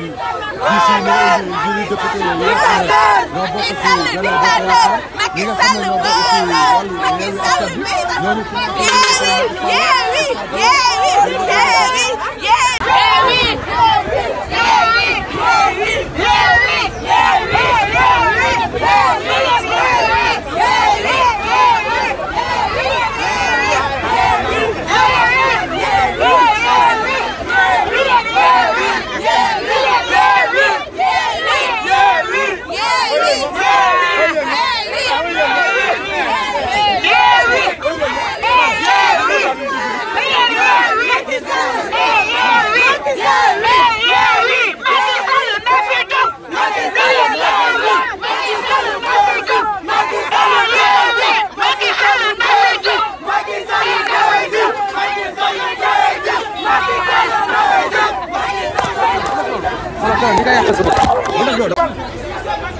si juróomi député la ñu ñoo bokk si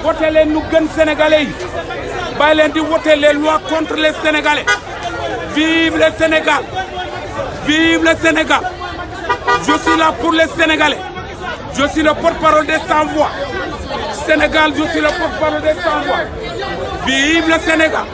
wote leen lu gën sénégalais yi bàyyi leen di wote les lois contre les sénégalais vive le Sénégal vive le Sénégal je suis là pour les sénégalais je suis le porte-parole des sans-voix Sénégal je suis le porte-parole des sans-voix vive Sénégal